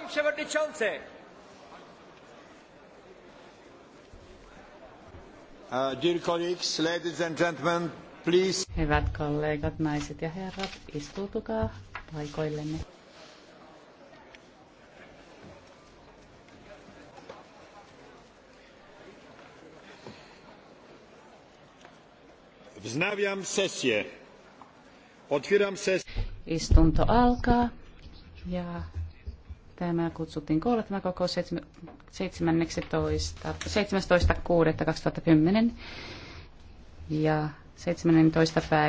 Pan przewodniczący! Uh, dear colleagues, ladies and gentlemen, please. Hyvät kollegat, naiset ja herrat, istuutukaa paikoillenne. Wznawiam sesję. Otwieram sesję. Istunto alkaa ja Tämä kutsuttiin koolle tämä koko 17.6.2010 ja 17. päivä